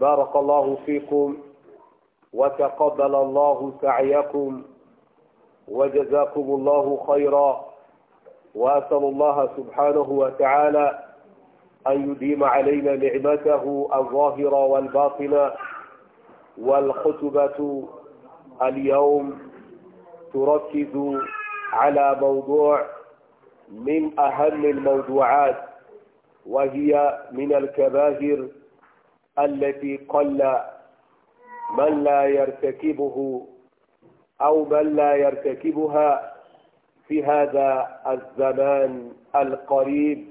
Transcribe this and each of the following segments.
بارك الله فيكم وتقبل الله سعيكم وجزاكم الله خيرا وأسأل الله سبحانه وتعالى أن يديم علينا نعمته الظاهرة والباطنة والخطبة اليوم تركز على موضوع من أهم الموضوعات وهي من الكباهر التي قل من لا يرتكبه أو من لا يرتكبها في هذا الزمان القريب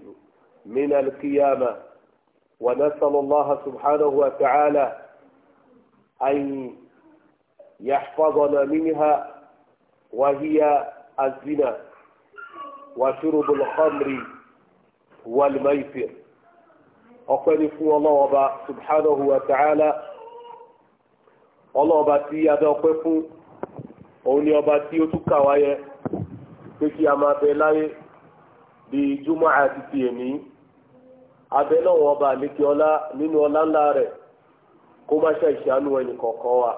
من القيامة ونسأل الله سبحانه وتعالى أن يحفظنا منها وهي الزنا وشرب الخمر والميسر ọpẹ́ ni fún ọlọ́ọba subhanahu wa tààlà. ọlọ́ọba tí adá ọpẹ́ fún òun ni ọba tí ó tún kà pé kí a máa bẹ láyé di júmọ́ àti ti èmi abẹ náà nínú ọlá ńlá rẹ̀ kó má ṣe ìṣàánú ẹnì wa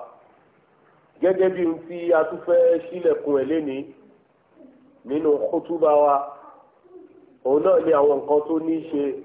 gẹ́gẹ́ bí tí a tún fẹ́ sílẹ̀kùn ẹ̀ lénìí wa òun náà ni àwọn nǹkan tó ní í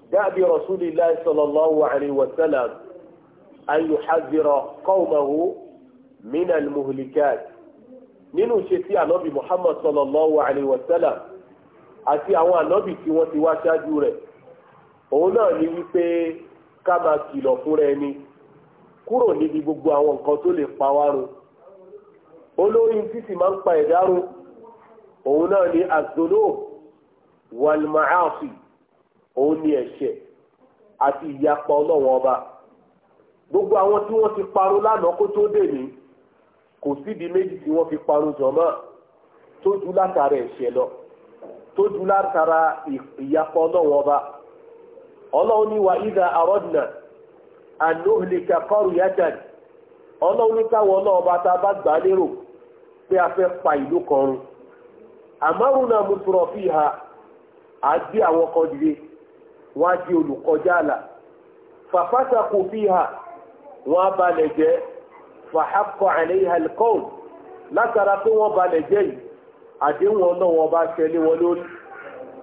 دأب رسول الله صلى الله عليه وسلم أن يحذر قومه من المهلكات nínú ṣe tí ànábì muhammad sallallahu alayhi wa sallam àti àwọn ànábì tí wọ́n ti wá ṣáájú rẹ̀ òun náà ni wípé ká máa kìlọ̀ fúnra ẹni kúrò níbi gbogbo àwọn nǹkan tó lè pa wá run olórí títì máa ń pa ẹ̀dá run òun náà ni az-zunub wal ma'asi òun ni ẹ̀ṣẹ̀ àti ìyapa ọlọ́wọ́n ọba gbogbo àwọn tí wọ́n ti parun lánàá kó tó dé ní kò sídìí méjì tí wọ́n fi parun jọ̀mọ́ tó ju látara ẹ̀ṣẹ̀ lọ tó ju látara ìyapa ọba ọlọ́run ní wa ida àrọ́dìnà ànóhìlìkà kọ́rù yájàn ọlọ́run ní káwọn ọlọ́ọba tá a bá gbà lérò pé a fẹ́ pa ìlú kan run àmọ́rùn náà mo fi hà á gbé àwọn wọ́n á fafasa olùkọjá àlà fàfàtàkù fíhà wọ́n balẹ̀ jẹ́ fàhákọ̀ àlẹ́yìn alikọ́ọ̀lù látara pé wọ́n balẹ̀ jẹ́ yìí àdéhùn ọlọ́wọ́n bá ṣẹlẹ̀ wọn lórí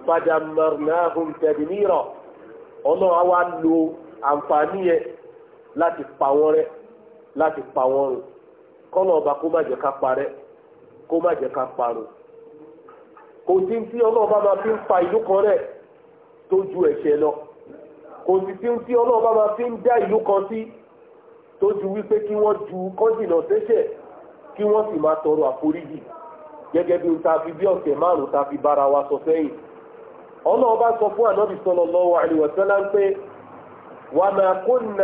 padà mọ̀rìnàhùn tẹ̀díníràn ọlọ́wọ́n á na lo àǹfààní yẹn láti pa wọ́n rẹ́ láti pa wọ́n rùn kọ́nà ọba kó má jẹ́ ká parẹ́ kó má jẹ́ ká parun kò sí tí ọlọ́ọ̀bá máa fi ń pa ìlú kan rẹ̀ tó ju ẹ̀ṣẹ̀ lọ kò sì sí tí ọlọ́run bá fi ń dá kan sí tó ju wípé kí wọ́n ju kọ́jìnà sẹ́ṣẹ̀ kí wọ́n sì máa tọrọ àforíjì gẹ́gẹ́ bí ta fi bí ọ̀sẹ̀ márùn ta fi bára wa sọ sẹ́yìn ọlọ́run bá sọ fún ànábì sallallahu alaihi wasallam kánà lọ́hùn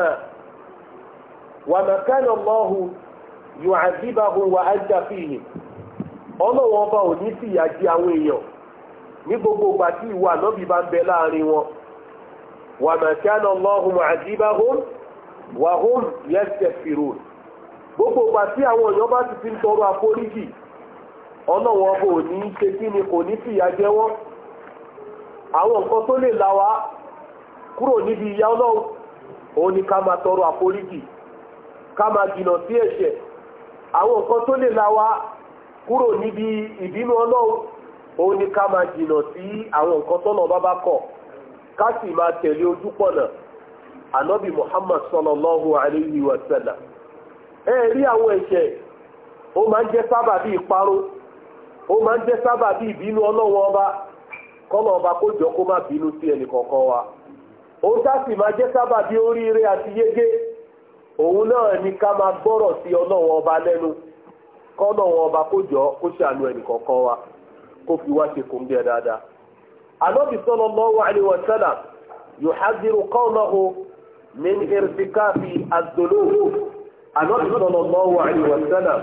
ọlọ́run ọba ò ní àwọn ní gbogbo ìgbà tí ìwà ànábì bá ń bẹ láàrin wọn wà màkánà Allahu mu'adhibahum wa hum yastaghfirun gbogbo ìgbà tí àwọn èèyàn bá ti fi ń tọrọ àforíjì ọlọ́wọ́n kò ní í ṣe kí ni kò ní wọ́n àwọn nǹkan tó lè wá kúrò níbi tọrọ àforíjì ká máa jìnà sí ẹ̀ṣẹ̀ àwọn nǹkan tó lè wá kúrò níbi ìbínú ó ní ká máa jìnà sí àwọn nǹkan tọ́nà bá bá kọ̀ ká sì máa tẹ̀lé ojú pọ̀nà ànábì muhammad sallallahu alayhi wa sallam ẹ rí àwọn ẹ̀ṣẹ̀ ó máa ń jẹ́ sábàbí ìparun ó máa ń jẹ́ sábàbí ìbínú ọlọ́wọ́ ọba kọ́nà ọba kó jọ kó má bínú wa sì máa jẹ́ oríire yege òun náà ni ká máa gbọ́rọ̀ sí ọlọ́wọ́ ọba lẹ́nu kọ́nà ọba kó jọ kó wa. kó fi wá ṣe kò ń bẹ dáadáa anọ́bì sallallahu alayhi wa sallam yuhadhiru qawmahu min irtikafi az-dhunub anọ́bì sallallahu alayhi wa sallam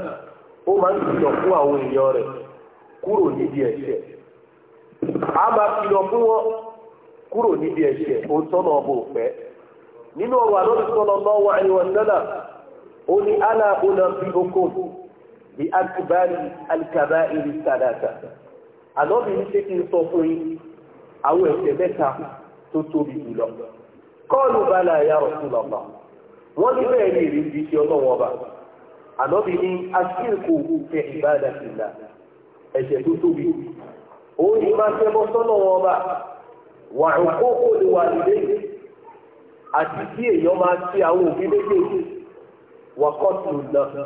ó máa ń kìlọ̀ fún àwọn èèyàn rẹ̀ kúrò níbi ẹ̀ṣẹ̀ a máa kìlọ̀ fún wọn kúrò níbi ẹ̀ṣẹ̀ ó sọ́nà ọ̀bọ̀ òfẹ́ nínú ọ̀rọ̀ àlọ́dún sọ́nà lọ́wọ́ àìwọ̀sẹ́là ó ní ala ọ̀nà bí oko bí akibari alikaba iri sadata àlọ́bì ní ṣé kí n sọ fún yín àwọn ẹ̀ṣẹ̀ mẹ́ta tó tóbi jùlọ kọ́ọ̀lù bala ya Rasulullah wọ́n ní bẹ́ẹ̀ ní ìrí ibi iṣẹ́ ọlọ́wọ́n ọba àlọ́bì ní aṣíkò fi ibadatillah ẹ̀ṣẹ̀ tó tóbi ó ní máa fẹ́ bọ́ sọ́nà wọn ọba wà òkú kò lè wà nílé àti tí èèyàn máa ṣe àwọn òbí méjèèjì wà kọ́ọ̀tù náà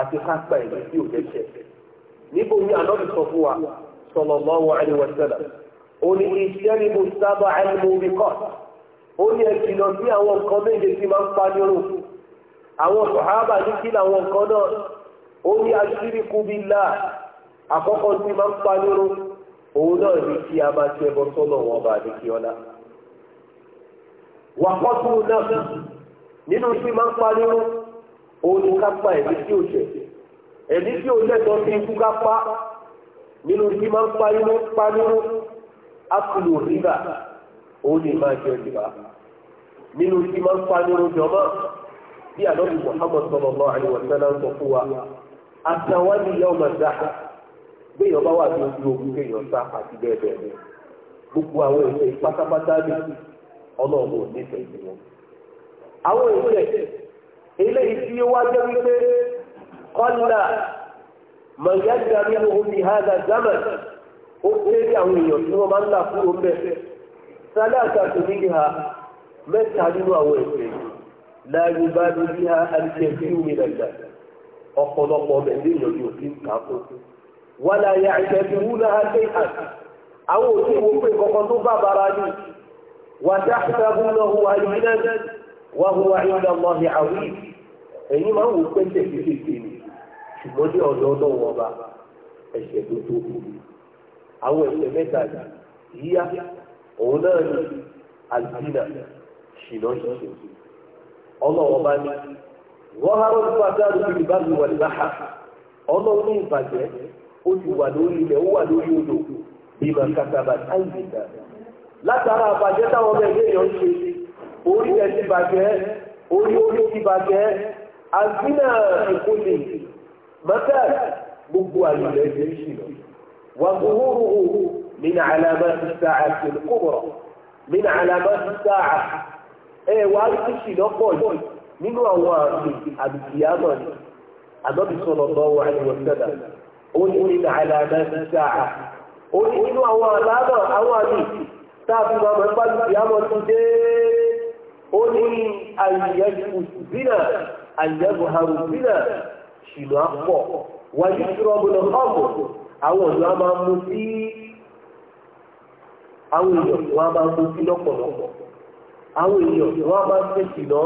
àti ká pa ìlú tí ò lẹ́sẹ̀ níbo ni àlọ́bì sọ fún wa sallallahu alaihi wasallam ó ní ìṣẹ́rìbù sábà al-mubiqat ó ní ẹ̀sìn lọ sí àwọn nǹkan méje tí máa ń pa ní orò àwọn nkọ naa, kí làwọn nǹkan náà ó ní aṣíríkù billah àkọ́kọ́ tí máa ń pa ní orò a máa ṣe ẹbọ sọ́nà wọn nínú tí máa ń panirú panirú akulu rìbá òun lè máa jẹ rìbá nínú tí máa ń panirú jọmọ bí àdọ́bí Muhammad sallallahu alaihi wasallam ń sọ fún wa àtàwọn ìyá ọmọ dáhà béèyàn bá wà ní ojú ogun kéèyàn sá àti bẹ́ẹ̀ bẹ́ẹ̀ bẹ́ẹ̀ gbogbo àwọn èèyàn pátápátá ní ọlọ́run ò nífẹ̀ẹ́ sí wọn. àwọn èèyàn eléyìí tí wá jẹ́ wípé من يجري منهم في هذا الزمن ha mẹ́ta nínú àwọn ẹ̀fẹ́ láàyè bá ní bí ha àìsẹ̀ sí omi dàgbà ọ̀pọ̀lọpọ̀ ọmọ ẹ̀dẹ́ èèyàn ha ṣùgbọ́n ní ọ̀dọ̀ ọlọ́wọ́ ọba ẹ̀ṣẹ̀ tó tóbi àwọn ẹ̀ṣẹ̀ mẹ́ta yíyá òun náà ní àdínà ṣìnà ṣíṣe ọlọ́wọ́ ọba ní wọ́n há wọn fún adáàrú bí ibà mi wà níbàá ọlọ́wọ́ ní ìbàjẹ́ ó ti wà lórí ilẹ̀ ó wà lórí odò bí màkàtàbà táyì látara àbàjẹ́ táwọn ọmọ ẹgbẹ́ èèyàn ṣe orí ẹ̀ ti bàjẹ́ orí orí ti bàjẹ́ àdínà ìkólè mọ́tàlì gbogbo àlùlẹ̀ ẹ̀jẹ̀ ń ṣìlọ. wà á gbòòrò òhù min alamati sa'ati al-kubra min alamati sa'a ẹ wà á ti ṣìlọ pọ̀ yìí nínú àwọn àmì àbìkìyàmọ̀ ni àdọ́bí sọ̀rọ̀ bọ́ wà ní wọ́sẹ̀dà ó ní min alamati sa'a ó ní nínú àwọn àlámọ̀ àwọn àmì táàbí máa mọ̀ nípa àbìkìyàmọ̀ tó dé ó ní àyẹ̀kù bínà àyẹ̀kù harù bínà. ṣìlọ àpọ̀ wáyé ṣúrọ́bùnà ọ̀bù àwọn ọ̀dọ́ a máa mú sí àwọn èèyàn wọn a máa mú sí lọ́pọ̀lọpọ̀ àwọn èèyàn wọn a máa fẹ́ ṣìlọ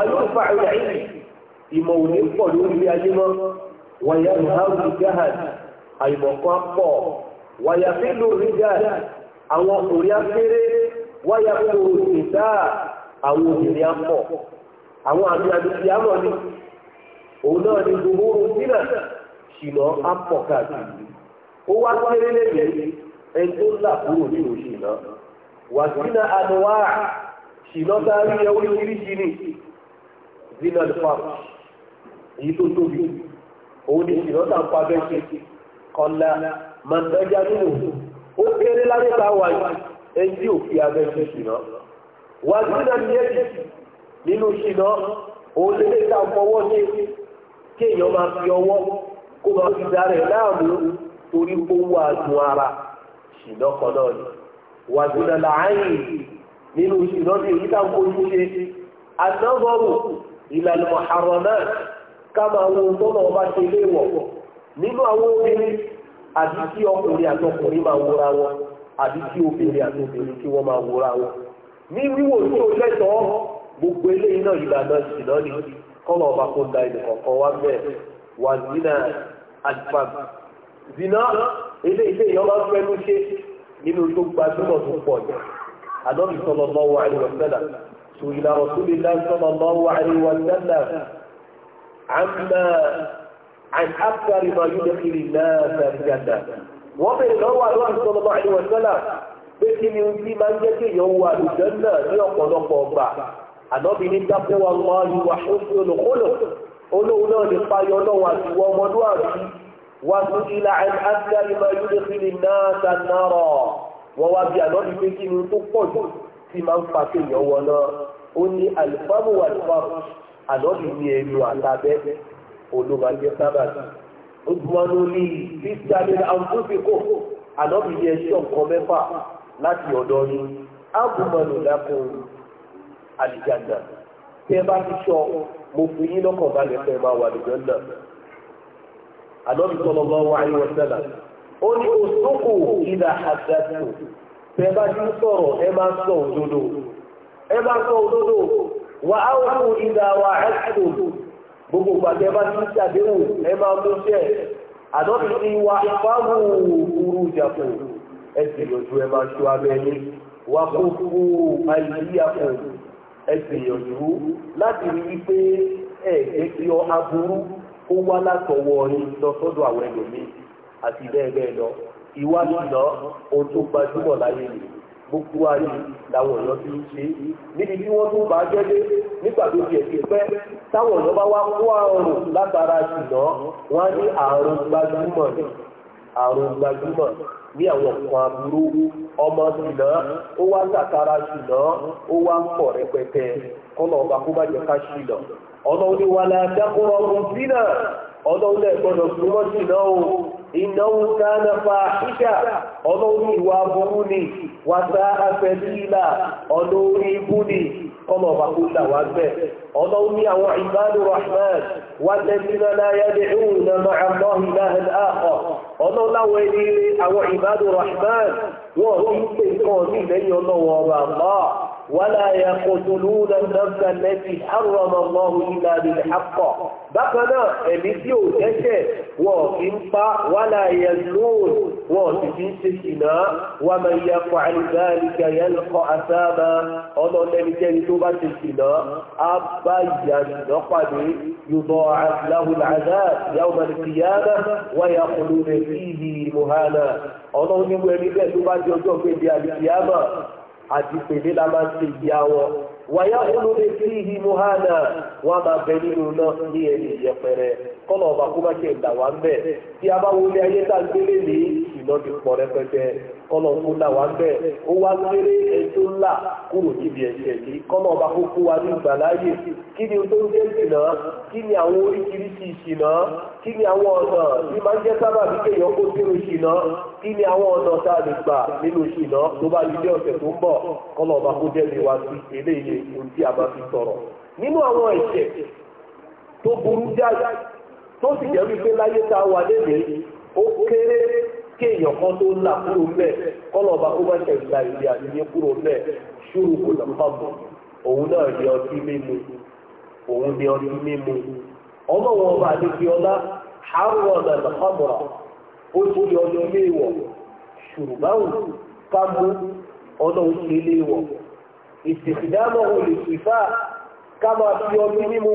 wáyé òfà ìyá ìlú ìmọ̀ òní pọ̀ lórí ayé mọ́ wáyé àrùn jahad àìmọ̀kan pọ̀ wáyé fílù rígàd àwọn òrí afẹ́rẹ́ wáyé fílù ìdá àwọn òbí àwọn àmì àdúgbò àmọ́ ni òun náà ni gbogbo sínà ṣìnà apọ̀ káàkiri ó wá kéré lẹ́yìn ẹni tó ń là kúrò nínú ṣìnà wà sínà àdúrà ṣìnà tá a rí ẹ oríṣiríṣi ni zina lufam èyí tó tóbi òun ni ṣìnà tá a pa bẹ́ẹ̀ ṣe kọ́lá màtẹ́jà nínú ó kéré lábẹ́ tá a wáyé ẹni tí ò fi abẹ́ ṣe ṣìnà wà sínà ní ẹ̀jẹ̀ nínú ṣìnà òun lè lè ta fọwọ́ ní kí èèyàn máa fi ọwọ́ kó máa fi darẹ̀ láàmú torí owó àdùn ara ṣìnà kan náà ni wàdúrà làáyìn nínú ṣìnà ní èyí táwọn ojú ṣe ìlànà àrọ̀ náà ká wo tọ́nà ọba ṣe léèwọ̀ nínú àwọn obìnrin àti tí ọkùnrin àtọkùnrin máa wọn àti tí obìnrin àtọkùnrin wọ́n máa wọn ní wíwò tí lẹ́tọ̀ọ́ gbogbo eléyìí náà ìlànà ìsìná ni kọ́lọ̀ ọba kó da ilẹ̀ kọ̀ọ̀kan wá bẹ́ẹ̀ wà nínà alifam zina eléyìí yọ máa ń fẹnu ṣe nínú tó gbajúmọ̀ tó pọ̀ jù ànábì sallallahu alaihi wa sallam tó ila rasulillah sallallahu alaihi wa sallam àmà àkàrí máa yóò lẹ́kìrì náà sàrìgàdà wọ́n bẹ̀rẹ̀ lọ́wọ́ àlọ́wọ́ sallallahu alaihi wa sallam pé kí ni ó ti máa ń jẹ́ kéèyàn wà lùjọ́ náà ní ọ̀pọ̀lọpọ̀ ọgbà ànábì ní dákún wa mọ́ ìwà òfin olùkólò olóhùn náà ní payọ náà wà sí wọ́n ọmọdúnwàbí wà tún ilà àṣà ìmọ̀ ìlú fìlì náà sànárọ̀ wọ́n wá bí ànábì pé kí ni tó pọ̀ jù tí máa ń fa kéèyàn wọ náà ó ní àlùfáàmù wà lùfáàmù ànábì ní ẹnu àtàbẹ́ olùmọ̀jẹ sábàtì ojúmọ́nú ní ìsàlẹ̀ àǹfóṣekò ànábì ní ẹṣọ́ nǹkan mẹ́fà láti ọ̀dọ́ ni ábùmọ̀nù àlìjáná tí ẹ bá ti sọ mo fi yín balẹ̀ fẹ́ máa wà àlìjáná ànábì sallallahu alaihi wasallam ó ní òṣókò ìdá àgbàtò tẹ bá ti sọ̀rọ̀ ẹ máa sọ òdodo ẹ máa sọ òdodo wà á wù ìdá wà ẹ̀sùn gbogbo gbàgbé bá ti ṣàdéhùn ẹ máa ẹ sì ẹ máa abẹ́ yín wà kó ẹ gbìyànjú láti rí i pé ẹ ẹ fi ọ aburú kó wá látọwọ́ yín lọ sọ́dọ̀ àwọn ẹlòmíì àti bẹ́ẹ̀ bẹ́ẹ̀ lọ ìwà lọ́nà ohun tó gbajúmọ̀ láyé nìyí gbogbo ayé làwọn èèyàn ti ń ṣe níbi tí wọ́n tún bá jẹ́lé nígbà tó di ẹ̀sìn pẹ́ táwọn èèyàn bá wá kó àrùn látara ṣùgbọ́n wọ́n á ní àrùn gbajúmọ̀ ni àrùn gbajúmọ̀ ní àwọn nǹkan aburú ọmọ ó wá sàkárà ṣìnà ó wá ń pọ̀ rẹpẹtẹ kọ́nà ọba kó bá jẹ ká ṣìnà ọ̀nà oníwàlá dákúrọ̀ ọkùn sínà ọ̀nà onílẹ̀ ṣìnà o ìnáwó fa ọ̀nà ìwà burú ni wàtá ọ̀nà ibú ni kọ́mọ̀ ọba kó là wá bẹ́ẹ̀ ọlọ́run ní àwọn ìbáàlú rahman wà lẹ́sìnà láyá lè rún na máa mọ́ ìlàhàn àkọ́ ọlọ́run láwọn ẹni àwọn ìbáàlú rahman wọ́n ń pè nǹkan ní ìlẹ́yìn ọlọ́run ọba Allah ولا يقتلون النفس التي حرم الله إلا بالحق بقنا أمسيو تشي وكنفا ولا يزنون وكتين سكنا ومن يفعل ذلك يلقى أثاما أنا لم تنتبع سكنا أبايا يضاعف له العذاب يوم القيامة ويقولون فيه مهانا أنا لم تنتبع سكنا àti pèlè la máa ṣe ìdí àwọn wàyà olóde sí ìhìmọ̀ hànà máa bẹ nínú náà ní ẹni yẹpẹrẹ kọ́nà ọba kó má ṣe ìgbà wá ń bẹ̀ tí a bá wọlé ayé tá a gbélé ní ìná ti pọ̀ rẹpẹtẹ kọ́nà kó là wá ń bẹ̀ ó wá kéré ẹjọ́ ńlá kúrò níbi ẹ̀ṣẹ̀ yìí kọ́nà ọba kó kó wa ní ìgbà kí ni tó ń jẹ́ ìsìnà kí ni àwọn oríṣiríṣi ìsìnà kí ni àwọn ọ̀nà tí máa ń jẹ́ sábà bí kéèyàn kó sínú ìsìnà kí ni àwọn ọ̀nà tá a lè gbà nínú ìsìnà tó bá ilé ọ̀sẹ̀ tó bọ̀ kọ́nà ọba kó jẹ́ mi wá sí eléyìí ohun tí a bá fi sọ̀rọ̀ nínú àwọn ẹ̀ṣẹ̀ tó burú jáde tó sì jẹ́ wípé láyé tá a wà lédè ó kéré kan tó là kúrò mẹ́ kọ́lọ̀ọ̀bá ó bá ṣẹ̀dá ìdí àdìyẹ kúrò mẹ́ ṣúrù kò lọ́pàbọ̀ òun náà ní ọtí mímu òun ní ọtí mímu ọmọ wọn ọba ọlá ọ̀nà ó ọdún ilé ìwọ̀ kámú òun ilé ìwọ̀ ká máa fi ọtí mímu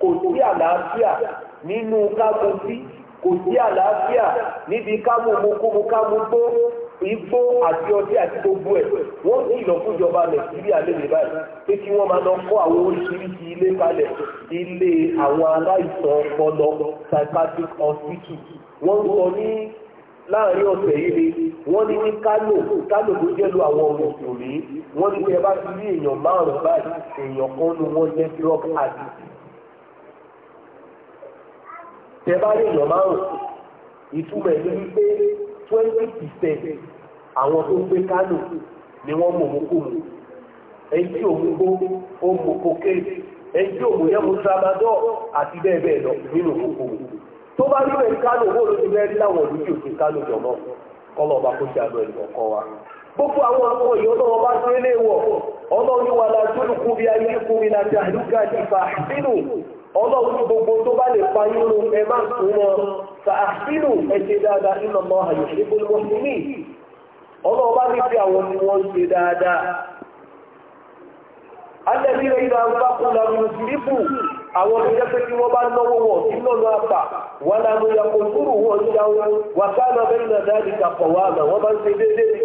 kò sí àlàáfíà nínú kágun sí kò sí àlàáfíà níbi kámúmukúmu kámúgbó igbó àti ọtí àti gbogbo ẹ̀ wọ́n ní fúnjọba nàìjíríà lè báyìí pé kí wọ́n máa lọ kọ́ àwọn oríṣiríṣi ilé ilé àwọn aláìsàn ọpọlọ psychiatric hospital wọ́n sọ ní láàrin ọ̀sẹ̀ yìí wọ́n ní ní kánò kánò tó àwọn òṣèlú wọ́n ní tẹ bá rí èèyàn márùn ìtumọ̀ ẹ̀mí wípé twenty percent àwọn tó ń gbé kánò ni wọ́n mú òun ẹni tí òun gbó ó mú ẹni tí òun yẹ mú tramadol àti bẹ́ẹ̀ bẹ́ẹ̀ lọ nínú tó bá rí kánò ló ti láwọn tí kánò jọ mọ́ kọ́lọ̀ ọba kó ṣe wa gbogbo àwọn yìí bá ọlọ́run gbogbo tó bá lè fa irú ẹ máa sùn wọn fàásìlù ẹ̀ṣẹ̀ dáadáa nínú ọmọ àyọ̀ṣẹ́ gbólúmọ́sílì ọlọ́run bá ní fi àwọn ṣe dáadáa. alẹ́bí rẹ̀ ìlà ń bá àwọn pé kí wọ́n bá náwó wọn sí lọ́nà àpà wọn lànà ìyàpò kúrò wọn ń jáwé wà sáànà bẹ́ẹ̀ náà dáàdì kàpọ̀ wà àná wọ́n bá ń ṣe déédéé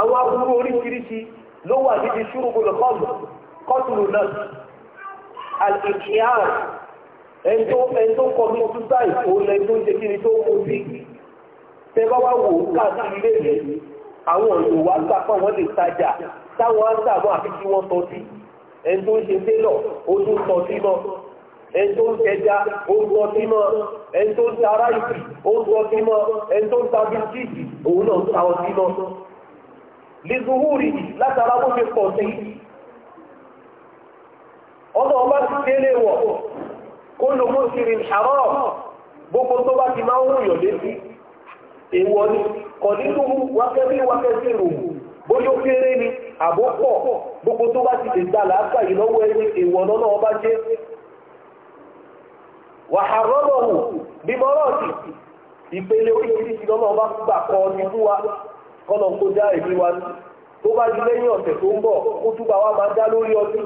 àwọn aburú oríṣiríṣi ló wà níbi ṣúrùgbọ́n kọ́ọ̀mù kọ́tùlù náà àlìkíyàn ẹ̀ńtó ẹ̀ńtó kọ́mí ṣúṣáì òun ẹ̀ńtó ń ṣe kí ni tó mú sí tẹ́bá wá wò ó káàkiri ilé rẹ̀ àwọn ọ̀dọ́ wa gbà pọ̀ wọ́n lè tajà táwọn aṣáàmú àfi kí wọ́n tọ́ sí ẹni tó ń ṣe télọ̀ ó tún tọ́ sí mọ́ ẹni tó ń náà lè zuhúrì látara bó ṣe pọ̀ sí ọdọ̀ ọba ti délé wọ̀ kó ló mú sírin haram gbogbo tó bá ti máa ń rìn yọ̀lé sí èèwọ̀ ni kọ̀dínlùú wákẹ́bí wákẹ́bí rò bóyó kéré ni àbópọ̀ gbogbo tó bá ti lè gbà láàpá ìlọ́wọ́ ẹni èèwọ̀ lọ́nà ọba jẹ́ wàhárọ́bọ̀wò bímọ́rọ̀ọ̀tì ìpele oríṣiríṣi lọ́nà ọba gbà kọ́ ni wa kọ́nà kó dá èmi wa tó bá di lẹ́yìn ọ̀sẹ̀ tó ń bọ̀ kó túbà wa máa dá lórí ọtí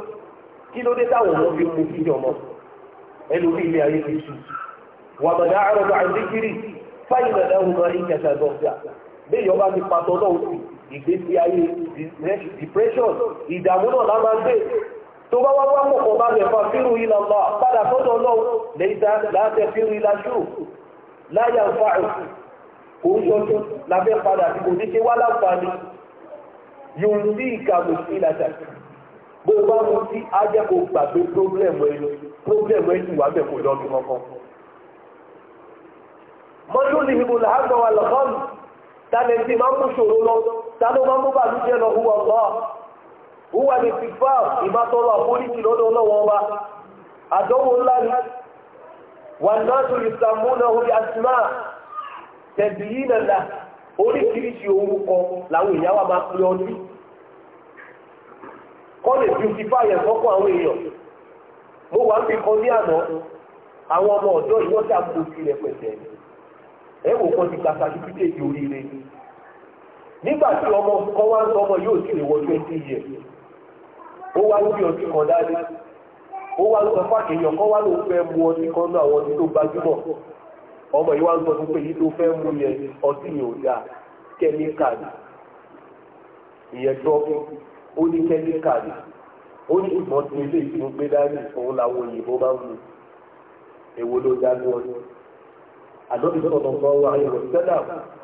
kí ló dé táwọn ọmọ fi mú kí ọmọ ẹlòmí ilé ayé ti sùn wà mọ̀dá àrọ̀dọ̀ àdíkiri fáyìnà lẹ́hùn náà ní kẹta dọ́kítà bẹ́ẹ̀ ọba ti pàtó náà sí ìgbésí ayé depression ìdààmú náà lámà gbé tó bá wá wá mọ̀kàn bá lẹ̀ fa fírù ilà lọ padà sọ́dọ̀ náà lẹ́yìn láti fírù ilà ṣù láyà ń fa O lábẹ́ padà tí kò ní ṣe wá láǹfààní yóò sí ìkàwé sí ìlàjà bó bá mú sí ajẹ́kò gbàgbé pírọ́blẹ̀mù ẹni pírọ́blẹ̀mù ẹni wà bẹ̀ kò lọ́dún kankan. mọ́tò lè hìbò làágbọ̀ wà lọ́kọ́ọ̀lù tálẹ̀ tí máa ń mú ṣòro lọ tálọ́ máa ń mú bàlújẹ́ lọ hùwà gbọ́ ní fífà wa àdánwò ńlá ni wà náà tó tẹ̀bí yìí nàlá oríṣiríṣi orúkọ làwọn èèyàn wa máa pè ọtí kọ́ tí ó ti fáyẹ̀ fọ́kàn àwọn èèyàn mo wà ń fi kan ní àwọn ọmọ ọ̀dọ́ yìí pẹ̀tẹ̀ kan ti oríire nígbà tí ọmọ kan wá ń sọ ọmọ yóò sì lè wọ twenty years ó wá ọtí kan ó wá kan ọmọ yìí wá ń sọ fún pé yìí ló fẹ́ mú yẹn ọtí yìí ò dáa ìyẹn ó ní ó ní èwo ló dá lọ ni àdókè tó tọ̀tọ̀ sọ wa ẹ̀rọ sẹ́dà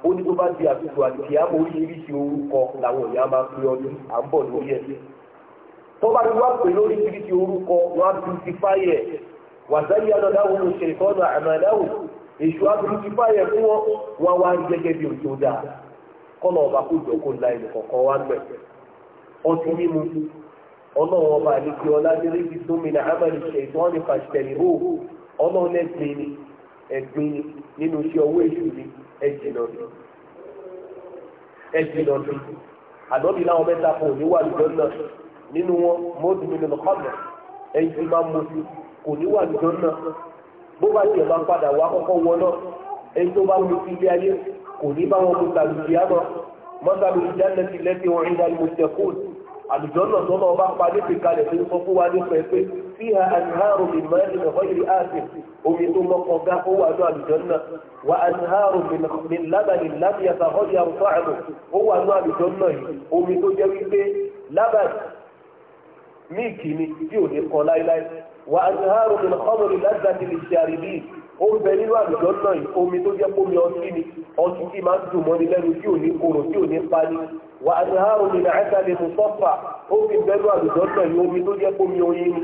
ó ní tó bá di àtúntò àti àmọ́ oríṣiríṣi orúkọ làwọn máa fi ọdún à ń bọ̀ lórí ẹ̀ tó bá ti wá pè lórí oríṣiríṣi orúkọ wọn á tún ti fáyẹ̀ wàzáyé èṣù aburú ti báyẹ̀ fún wọn wá wá gẹ́gẹ́ bí òjò dáa kọ́nà ọba kó jọ kó la ẹnì kọ̀ọ̀kan wá gbẹ̀. ọtí mímu ọlọ́run ọba àlejò ọládélé ti tó mi náà ámàlì ṣe ìtọ́ ní pàṣẹlì hó ọlọ́run ẹgbin ni ẹgbin ni nínú iṣẹ́ owó èṣù ni ẹjìnà ni ẹjìnà ni àdọ́bí láwọn mẹ́ta kan ò ní wà lùdọ́ náà nínú wọn mọ́ọ̀dù mi nínú kọ́nà ẹ̀yìn tí máa mú kò ní wà lùdọ́ náà bó bá tiẹ̀ máa padà wá kọ́kọ́ wọn náà ẹni tó bá wọlé sílé ayé kò ní bá wọn mú sàlùjì àmọ́ mọ́sàlù ìjánẹ́tì lẹ́tì wọn ìdá ìmọ̀tẹ́kùn àlùjọ náà tó náà bá padé pè kalẹ̀ tó ń sọ fún wa nípa ẹgbẹ́ sí ha àdìhárò mi máa ń lọ ìrì ààfin omi tó mọ́kàn gá ó wà ní àlùjọ náà wà àdìhárò mi lábàdì láti yàtà ọjà ọ̀tọ̀ àmọ̀ ó wà ní àlùjọ náà yìí omi tó jẹ́ wípé lábàdì míìkì ni tí ò ní kan láíláí wà á ní àrùn mi lọ́kọ́mọ̀ ní láti láti lè ṣe àrídì ó ń bẹ nínú àlùjọ náà omi tó jẹ́ pómi ọtí ni ọtí tí máa ń dùn mọ́ni lẹ́nu tí ò ní korò tí ò ní pani wà á ní àrùn mi náà ẹ̀ka lè mú sọ́fà ó fi bẹ́nu àlùjọ náà omi tó jẹ́ pómi oyin ni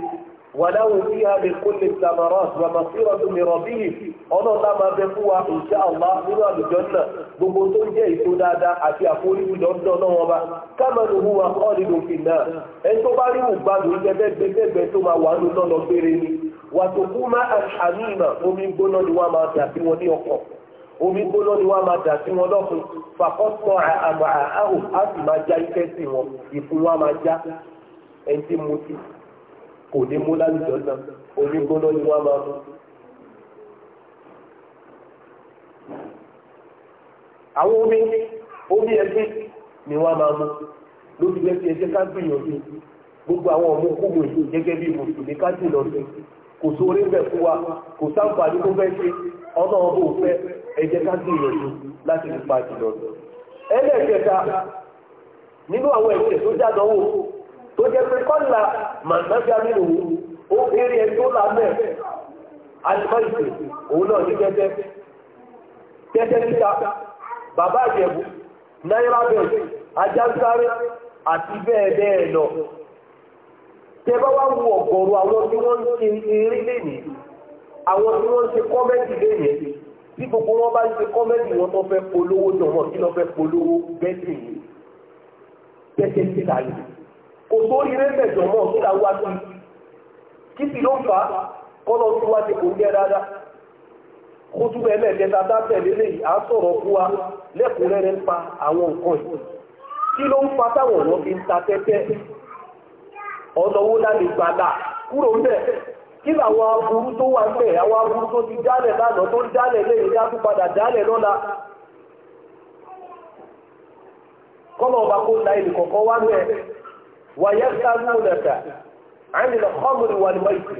ولو فيها بكل الثمرات ومصيرة لربه ọlọ́run lá máa bẹ fún wa insha Allah nínú àlùjọ́nà gbogbo tó ń jẹ́ ètò dáadáa àti àforíjì lọ́dọ̀ náà wọn bá kámẹ́lù hu wa kọ́ nínú fìlà ẹni tó bá rí ìgbàdùn jẹ bẹ́gbẹ́gbẹ́ tó máa wà nínú lọ́nà péré ni wàtòkú má àmìnà omi gbóná ni wọ́n máa dà sí wọn ní ọkọ̀ omi gbóná ni wọ́n máa dà sí wọn lọ́kùn fàkọ́sọ̀ àmà àhùn á sì máa já iṣẹ́ sí wọn ìfún wọn máa já ẹni tí mo ti kò ní mú láwùjọ náà onígbóná ni wọ́n máa àwọn omi omi ẹgbẹ́ ni wọ́n máa mú lórí bẹ́ẹ̀ tí gbogbo àwọn ọmọ kúmù yìí gẹ́gẹ́ bí mùsùlùmí ká jù lọ sí kò sóore bẹ̀ fún wa kò sáǹfààní tó fẹ́ ṣe ọmọ òfẹ́ ká gbìyànjú láti pa jù tó jẹ́ pé kọ́là màdájá nínú ó kéré ẹni tó là mẹ́ alimọ́ìsì òun náà ní tẹ́tẹ́ tẹ́tẹ́ títa bàbá ìjẹ̀bù náírà bẹ́ẹ̀ ajásáré àti bẹ́ẹ̀ bẹ́ẹ̀ lọ tẹ bá wá wo ọ̀gọ̀rọ̀ àwọn tí wọ́n ń ṣe eré lẹ́nìí àwọn tí wọ́n ń ṣe kò tó ire bẹ̀jọ̀ mọ́ kí là wá sí kí sì ló fà á kọ́lọ́ tí wá ti kò jẹ́ dáadáa kó tún bẹ́ẹ̀ mẹ́ẹ̀kẹta tá tẹ̀lé lẹ́yìn fún wa lẹ́kùnrẹ́rẹ́ ń pa àwọn nǹkan kí ló ń fa táwọn fi ń ta tẹ́tẹ́ láti gbàdà kúrò kí làwọn aburú tó wà ń ويسألونك عن الخمر والميسر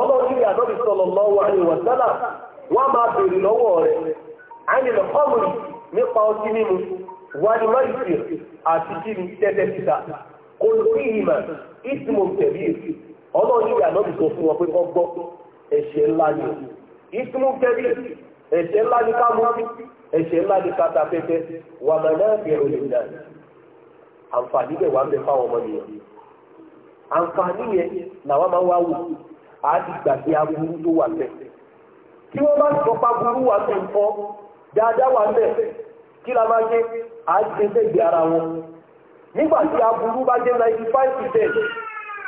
ọlọ́run ní ànábì sọ̀rọ̀ lọ́wọ́ wọ́n máa béèrè lọ́wọ́ rẹ̀ àyìnlẹ̀ kọ́mùrì nípa ọtí mímu wàlúwàlùsì àti kíni tẹ́tẹ́ síta kò sí ìmọ̀ ìsìmọ̀ tẹ̀lé èsì ọlọ́run sọ fún wọn pé kọ́ gbọ́ ẹ̀ṣẹ̀ ńlá ni ìsìmọ̀ tẹ̀lé ẹ̀ṣẹ̀ ńlá ni ká mú ẹ̀ṣẹ̀ ńlá àǹfààní bẹ̀ wà ń bẹ fáwọn ọmọ nìyẹn àǹfààní yẹn làwọn máa wá wò á ti gbàgbé aburú tó wà bẹ́ẹ̀ tí wọ́n bá sọ pa burú wà bẹ́ẹ̀ nǹkan dáadáa wà bẹ́ẹ̀ kí la máa á ara wọn nígbà tí aburú bá jẹ́ ninety five percent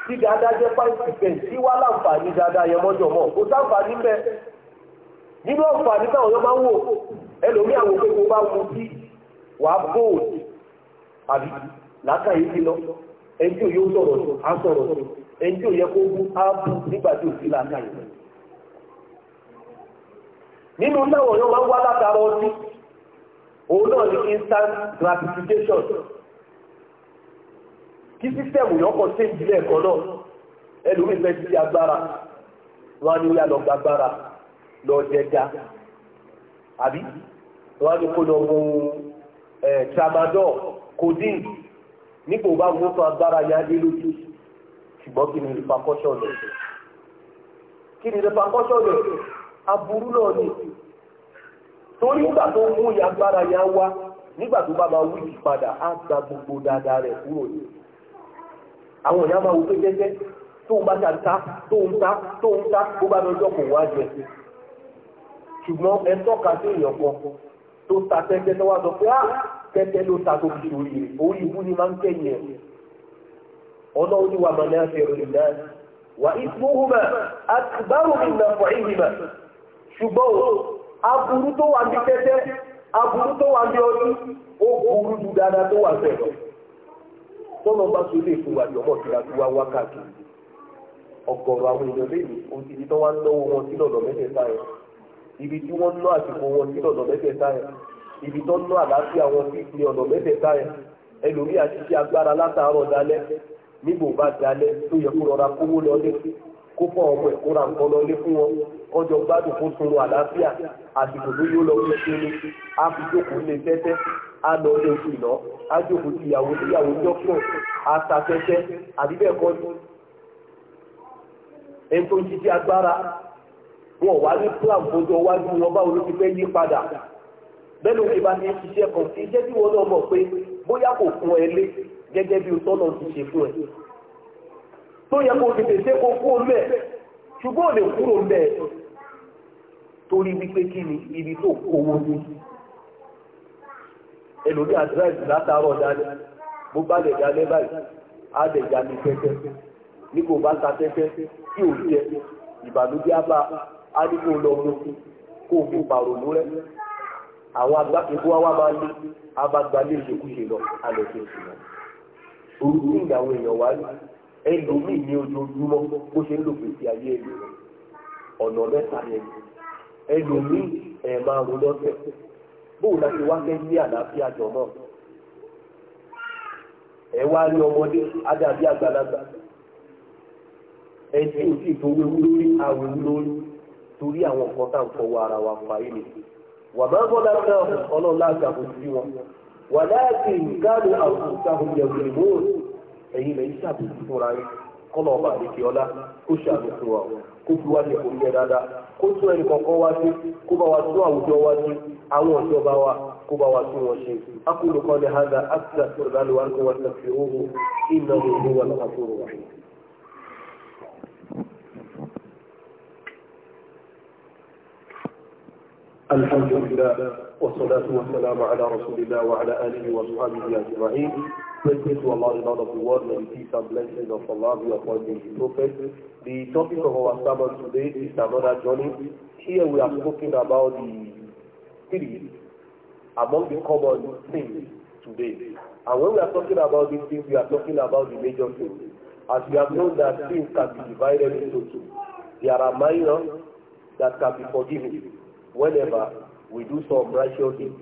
tí dáadáa jẹ́ five percent tí wá láǹfààní dáadáa yẹn kò sáǹfààní nínú àǹfààní táwọn làákà yìí ti lọ ẹni tí ò yóò sọ̀rọ̀ sí á sọ̀rọ̀ sí ẹni tí ò yẹ kó bú á bú ò sí làákà yìí. nínú táwọn èèyàn máa wá látara ọtí òun náà ni instant gratification kí sísẹ́mù yẹn kọ́ sí ìdílé ẹ̀kọ́ náà ẹlòmíì fẹ́ sí agbára wọn á ní ó yà lọ gbàgbára lọ jẹja àbí wọn á kó lọ mú ẹ eh, tramadol codeine nípò bá mú agbára ya dé lójú ṣùgbọ́n kí ni repercussion rẹ̀ kí ni repercussion rẹ̀ aburú náà ni torí nígbà tó mú ya agbára ya wá nígbà tó bá máa padà á gba gbogbo dáadáa rẹ̀ kúrò ní àwọn èèyàn máa wo pé jẹ́jẹ́ tó ń bá ta ta tó ń ta tó ń ta bó bá lọ́jọ́ kò wá jẹ ṣùgbọ́n ẹ tẹ́tẹ́ ló ta tó fi orí ni máa ń kẹ́yìn ẹ̀ ọ̀nà oníwà máa náà fẹ́ rẹ̀ náà wà ìfowópamọ́ mi nà fọ ìhìmà ṣùgbọ́n aburú tó wà ní tẹ́tẹ́ aburú tó wà ní ọdún ó burú ju dáadáa tó wà bẹ́ẹ̀ lọ tọ́lọ́ bá tó lè fún wa ní ọmọ ìtura tó wá wákàtí ọ̀gọ̀rọ̀ àwọn èèyàn lè oṣù tí ń náwó wọn ibi tí ń ná ibi tó ná àlàáfíà wọn sí ní ọ̀nà mẹ́tẹ̀ẹ̀ta yẹn ẹlòmí àti ṣe agbára látàárọ̀ dalẹ́ níbo bá dalẹ́ tó yẹ kó rọra kówó lọlé kó fọ ọmọ ẹ̀ kó ra nǹkan lọlé fún wọn ọjọ́ gbádùn kó sunu àlàáfíà àsìkò tó yóò lọ fún ṣẹlẹ̀ á fi jókòó lé tẹ́tẹ́ á lọ oṣù iná á ti ìyàwó níyàwó jọ́pọ̀ á ta tẹ́tẹ́ àbí kọ́ ni ẹni tó ń ṣiṣẹ́ agbára wọn wá ní plan fojú ọwájú wọn báwo ló ti fẹ́ yí padà bẹ́ẹ̀ ló ti bá ní ṣiṣẹ́ kan sí iṣẹ́ tí wọ́n náà mọ̀ pé bóyá kò fún ẹ lé gẹ́gẹ́ bí o tọ́nà ti ṣe fún ẹ. tó yẹ kó o tètè ṣe kó kú omi ẹ̀ ṣùgbọ́n ò lè kúrò ń bẹ̀ torí wípé kí ni ibi tó kówó ní. ẹlòmí àdírẹ́sì látàárọ̀ dání bó bá lè dání báyìí á lè dání pẹ́pẹ́ ní kò bá ta pẹ́pẹ́ tí ò jẹ ìbànújẹ́ á bá a ní kó lọ mú kó o fi pàrọ̀ lórẹ́. àwọn agbá ikú wa máa lé abagbalé ìṣekúṣe lọ alẹ́sẹ̀ sí lọ. orúkú ìyàwó èèyàn wá rí ẹlòmíì ní ojoojúmọ́ bó ṣe ń lò ayé ọ̀nà mẹ́ta yẹn ẹlòmíì ẹ̀ máa rún lọ́sẹ̀ wá fẹ́ ní àlàáfíà jọ náà ẹ wá rí ọmọdé ádàbí àgbàlagbà ò sì torí wàmọ́ bọ́lá náà ọlọ́run láàgbàbọ̀ sí wọn wà láàkì ìgbàlù àwọn ìsáhùn yẹ̀wò ìmú ẹ̀yìn lẹ́yìn ṣàbùkù fúnra yín kọ́nà ọba àdékè ọlá kó ṣàánú fún wa kó fi wá ní orí ẹ̀ dáadáa kó tún ẹnì kọ̀ọ̀kan wá sí kó bá wa tún àwùjọ wá sí àwọn ọ̀jọba wa kó bá wa tún wọn ṣe. akólukọ́ ni hada akita sọ̀rọ̀ lálu wa ń kó wa ṣàfihàn òhun ìnáwó ìlú wa lọ́kàtúrò wa. الحمد لله والصلاة والسلام على رسول الله وعلى آله وصحبه أجمعين. Praise be to Allah, the Lord of the world, may peace and blessings of Allah be upon His Prophet. The topic of our sermon today is another journey. Here we are talking about the three among the common things today. And when we are talking about these things, we are talking about the major things. As we have known that things can be divided into two. There are minor that can be forgiven whenever we do some righteous things,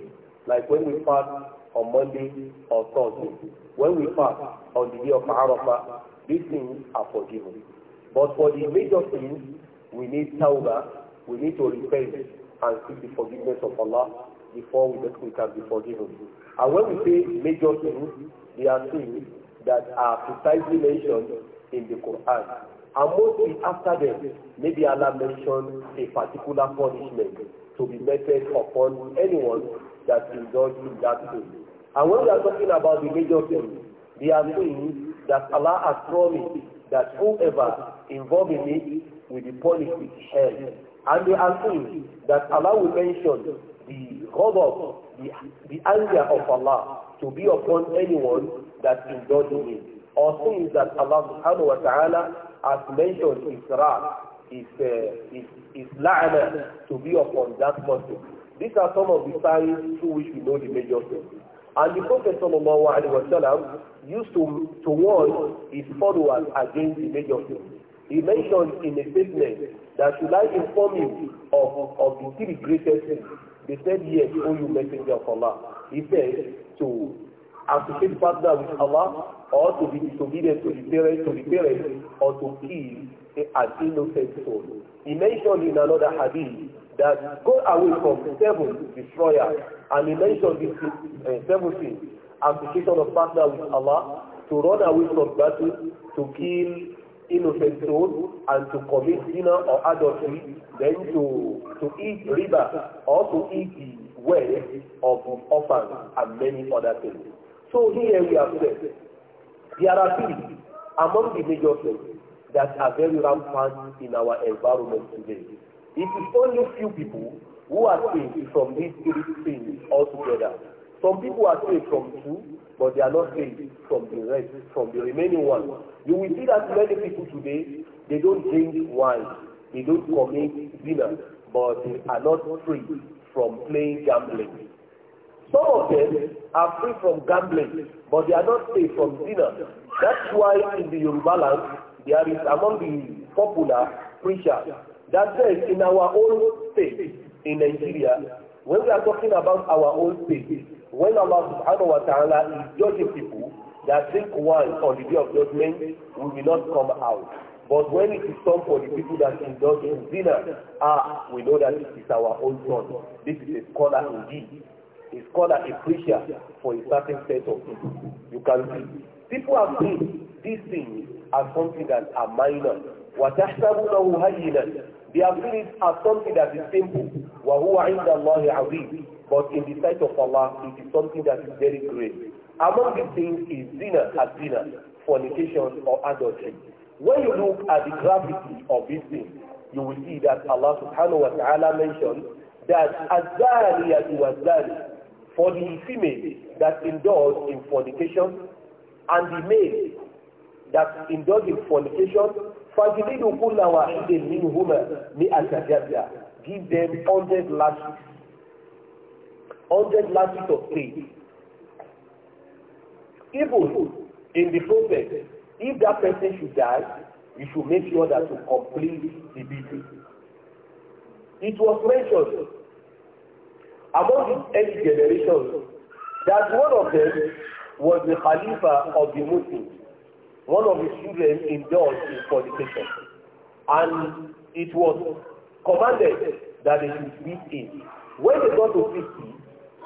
like when we fast on Monday or Thursday, when we fast on the day of Arafah, these things are forgiven. But for the major things, we need tawbah, we need to repent and seek the forgiveness of Allah before we, we can be forgiven. And when we say major things, they are things that are precisely mentioned in the Quran. And mostly after them, maybe Allah mentioned a particular punishment to be meted upon anyone that indulges in that sin. And when we are talking about the major sin, they are saying that Allah has promised that whoever involved in it will be punished with hell. And they are saying that Allah will mention the ghadab, the, the anger of Allah to be upon anyone that indulges in it. Or things that Allah subhanahu wa ta'ala has mentioned in Surah is, uh, is, is liable to be upon that person. These are some of the signs through which we know the major sins. And the Prophet sallallahu alaihi wasallam used to, to warn his followers against the major sins. He mentioned in a statement that should I inform you of, of the three greatest sins? They said, yes, O you messenger of Allah. He said, to associate partner with Allah or to be disobedient to the parents, to the parents, or to kill As innocent soul. He mentioned in another hadith that go away from seven destroyers and he mentioned this uh, seventeen application of partner with Allah to run away from battle to kill innocent soul and to commit dinner or adultery then to to eat riba or to eat the wealth of orphans and many other things. So here we have said there are three among the major things that are very rampant in our environment today. It is only few people who are saved from these three things altogether. Some people are saved from two, but they are not saved from the rest, from the remaining one. You will see that many people today, they don't drink wine, they don't commit dinner, but they are not free from playing gambling. Some of them are free from gambling, but they are not saved from dinner. That's why in the Yoruba land, there is among the popular preachers that says in our own state in Nigeria, when we are talking about our own state, when Allah subhanahu wa ta'ala is judging people that drink wine on the day of judgment, we will not come out. But when it is done for the people that indulge in zina, ah, we know that this is our own son. This is a scholar indeed. A scholar, a preacher for a certain set of people. You can see. People have seen these things as something that are minor وتحسبونه هينا they are seen as something that is simple وهو عند الله عظيم but in the sight of Allah it is something that is very great among the things is zina as zina fornication or adultery when you look at the gravity of this thing, you will see that Allah subhanahu wa ta'ala mentioned that azaniyatu wazani for the female that indulge in fornication and the male that indulge in fornication, فَجِلِدُ كُلَّ وَاحِدٍ مِّنْهُمَا مِئَةَ جَزْيَةٍ Give them hundred lashes, hundred lashes of pain. Even in the process, if that person should die, you should make sure that you complete the duty. It was mentioned among the early generations that one of them was the Khalifa of the Muslims one of his children indulged in fornication and it was commanded that they should beat him. When they got to 50,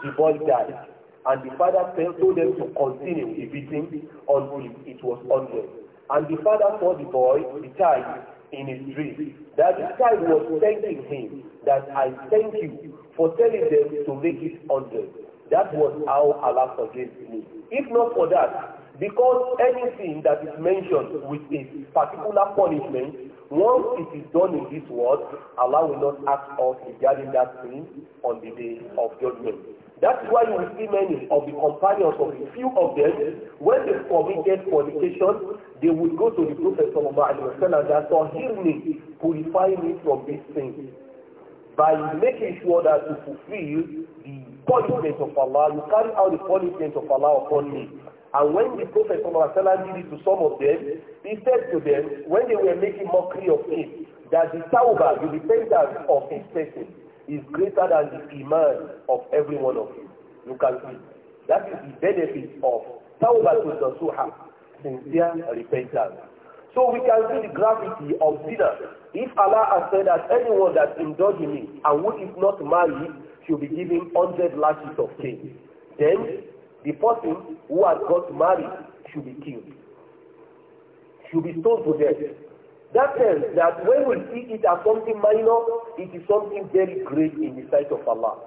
the boy died and the father told them to continue the beating until it was 100. And the father saw the boy, the child, in his dream that the child was thanking him that I thank you for telling them to make it 100. That was how Allah forgave me. If not for that, Because anything that is mentioned with a particular punishment, once it is done in this world, Allah will not ask us regarding that thing on the day of judgment. That is why you will see many of the companions of the few of them, when they committed fornication, they would go to the Prophet Sallallahu Alaihi Wasallam and say, for healing, purify me from this sin. By making sure that you fulfill the punishment of Allah, you carry out the punishment of Allah upon me. And when the Prophet ﷺ did it to some of them, he said to them, when they were making mockery of him, that the tawbah, the repentance of his person, is greater than the iman of every one of you. You can see. That is the benefit of tawbah to the suha, sincere repentance. So we can see the gravity of sinner. If Allah has said that anyone that indulges in and would if not marry, should be given 100 lashes of cane, then The person who has got married should be killed, should be stoned to death. That tells that when we see it as something minor, it is something very great in the sight of Allah.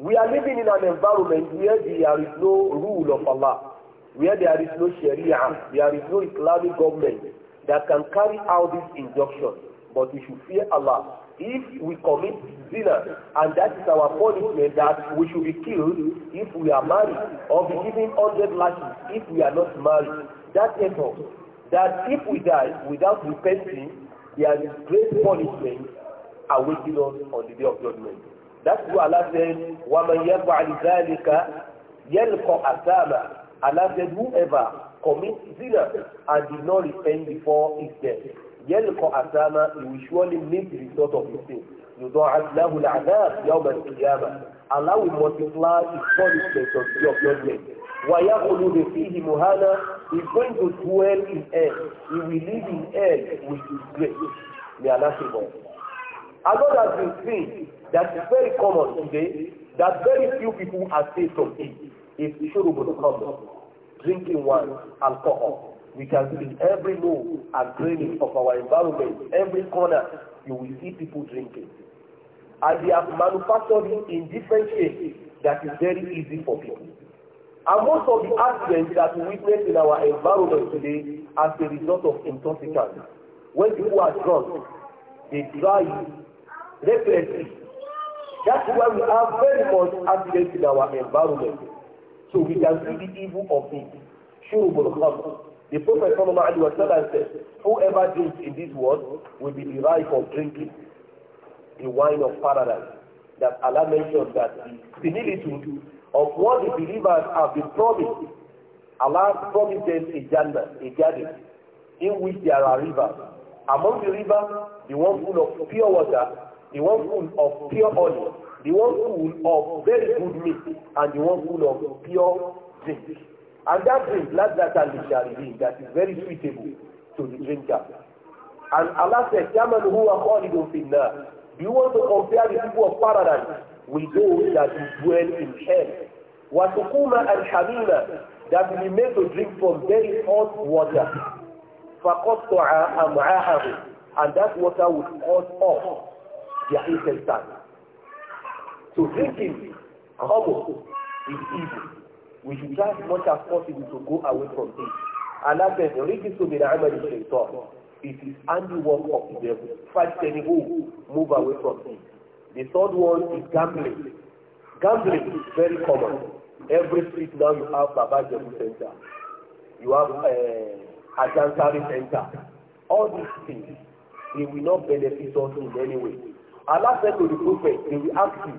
We are living in an environment where there is no rule of Allah, where there is no Sharia, there is no Islamic government that can carry out this injunction. But we should fear Allah if we commit zina and that is our punishment that we should be killed if we are married or be given hundred lashes if we are not married that effort that if we die without repenting there is great punishment awaiting us on the day of judgment that is why Allah said waman yaf'al dhalika yalqa asama Allah said whoever commits zina and did not repent before his death yalqa asama you surely meet the result of your sin yudha'af lahu al'adab yawm al-qiyamah Allah will multiply his punishment on the day of judgment wa yakhludu is going to dwell in hell he will live in hell with disgrace may Allah save us another thing sin that is very common today that very few people are saved from it is shurubul khamr drinking wine alcohol We can see in every move and graining of our environment, every corner, you will see people drinking. And they have manufactured it in different shapes that is very easy for people. And most of the accidents that we witness in our environment today as a result of intoxicants. When people are drunk, they drive recklessly. That's why we have very much accidents in our environment. So we can see the evil of it. Sure, The Prophet Sallallahu Alaihi Wasallam said, whoever drinks in this world will be derived from drinking the wine of paradise. That Allah mentioned that the similitude of what the believers have been promised. Allah promised them a Jannah, a garden, in which there are rivers. Among the rivers, the one full of pure water, the one full of pure oil, the one full of very good meat, and the one full of pure drink. And that drink, that and lazzatan lisharibin, that is very suitable to the drinker. And Allah said, Yaman huwa khalidun finnar. Do you want to compare the people of paradise with those that dwell in hell? Wasukuma and hamina, that will made to drink from very hot water. Faqatta'a am'ahahum. And that water would cause off their intestines. So drinking, khamr, is easy." we should try as much as possible to go away from it. alábẹ̀rẹ̀ oríṣi sómi náà àmàlẹ́ ṣe tọ́ it is handiwork of the devil fight any who move away from it. the third one is gambling gambling is very common every street now you have baba jebu center you have uh, eh, ajansari center all these things they will not benefit us in any way. Allah said to the prophet they will ask you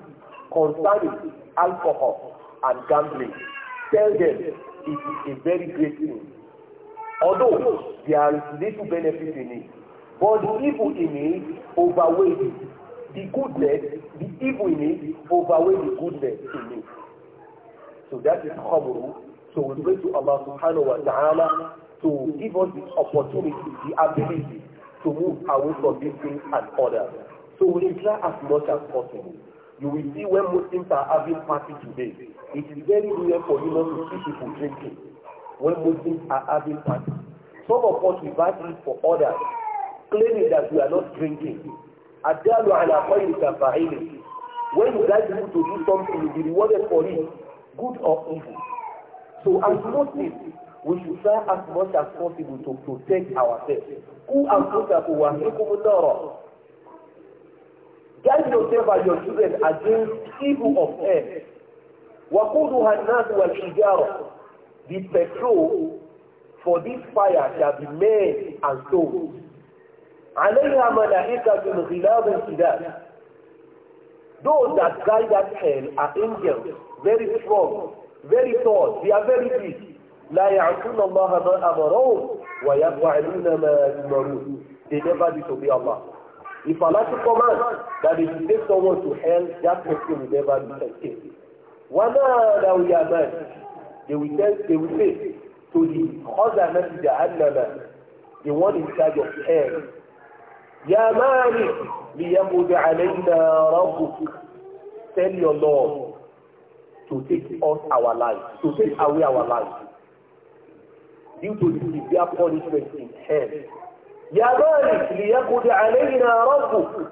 concerning alcohol and gambling tell them it is a very great thing although there are little benefits in it but the evil in it overweight it the goodness the evil in it overweight the goodness in it so that is khamru so we pray to Allah subhanahu wa ta'ala to give us the opportunity the ability to move away from these things and others so we try as much as possible you will see when Muslims are having party today It is very rare for you not to see people drinking when Muslims are having parties. Some of us invite it for others, claiming that we are not drinking. Adalu ala khayri kafa'ili. When you guide people to do something, you be rewarded for it, good or evil. So as Muslims, we should try as much as possible to protect ourselves. Who am Kusaku wa Hikumunara? Guide yourself and your children against evil of earth. وقودها الناس والحجارة The petrol for this fire shall be made and sold. عليها ملائكة غلاب شداد Those that guide that hell are angels, very strong, very tall, they are very big. لا يعصون الله ما أمرهم ويفعلون ما يؤمرون. They never disobey Allah. If Allah should command that if you take someone to hell, that person will never be saved. ونادوا يا مان They will tell, they will say to the other messenger, Annama, the one in charge of hell, يا مالك ليمد علينا ربك Tell your Lord to take us our life, to take away our life. Due to the severe punishment in hell. يا مالك ليمد علينا ربك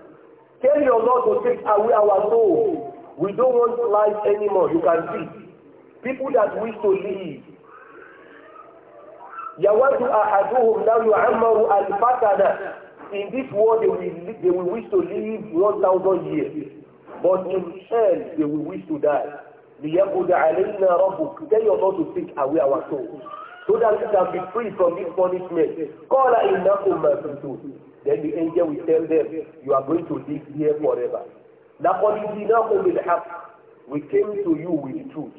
Tell your Lord to take away our soul. We don't want life anymore. You can see people that wish to live. يود أحدهم لو يعمر الفتنة in this world they will they will wish to live one thousand years but in hell they will wish to die liyakuda alayna rabbuk tell your Lord to take away our souls so that we can be free from this punishment Call qala innakum mabtun then the angel will tell them you are going to live here forever لَقَدْ جِئْنَاكُمْ بِالْحَقِّ We came to you with the truth.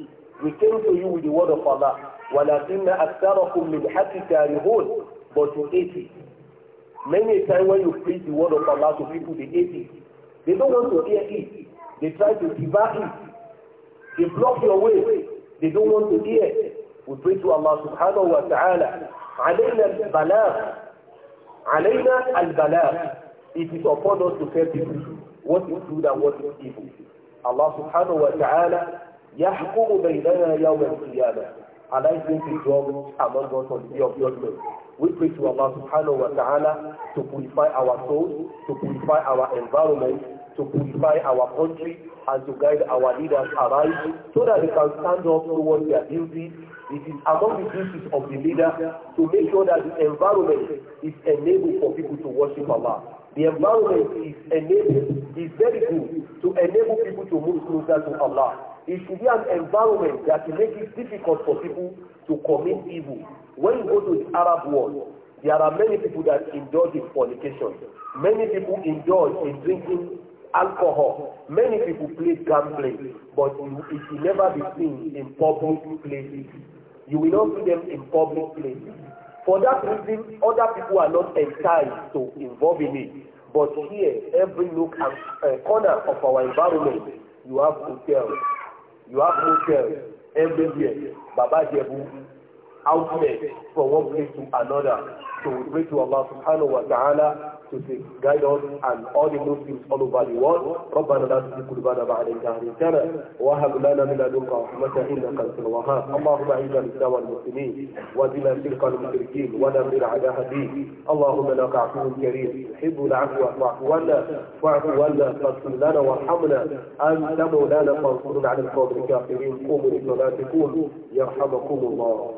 We came to you with the word of Allah. وَلَكِنَّ من لِلْحَقِّ كَارِهُونَ But you hate it. Many a time when you preach the word of Allah to people, they hate it. They don't want to hear it. They try to devour it. They block your way. They don't want to hear it. We pray to Allah subhanahu wa ta'ala. علينا البلاغ. علينا البلاغ. It is upon us to tell people what is good and what is evil. Allah subhanahu wa ta'ala يحكم بيننا يوم القيامة and I think it wrong among us on the day of judgment. We pray to Allah subhanahu wa ta'ala to purify our souls, to purify our environment, to purify our country, and to guide our leaders aright so that they can stand up towards their duties. It is among the duties of the leader to make sure that the environment is enabled for people to worship Allah. The environment is enabling, is very good to enable people to move closer to Allah. It should be an environment that makes it difficult for people to commit evil. When you go to the Arab world, there are many people that indulge in fornication. Many people indulge in drinking alcohol. Many people play gambling, but it should never be seen in public places. You will not see them in public places. For that reason, other people are not entitled to involve in it. But here, every nook and uh, corner of our environment, you have hotels, you have hotels everywhere, Baba Jebu, outlet from one place to another. So we pray to Allah subhanahu wa ta'ala to guide us and all the Muslims all over the world. ربنا لا تزغ قلوبنا بعد إذ هديتنا وهب لنا من لدنك رحمة إنك أنت الوهاب اللهم أعز الإسلام والمسلمين وذل الشرك المشركين ودمر أعداء الدين اللهم إنك عفو كريم تحب العفو فاعف عنا فاعف عنا فاغفر لنا وارحمنا أنت مولانا فانصرنا على القوم الكافرين قوموا لصلاتكم يرحمكم الله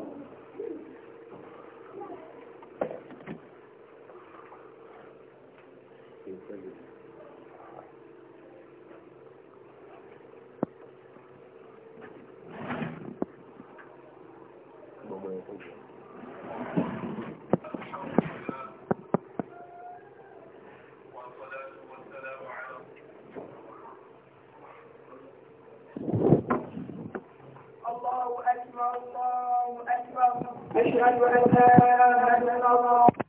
الله أكبر أشهد أن لا إله إلا الله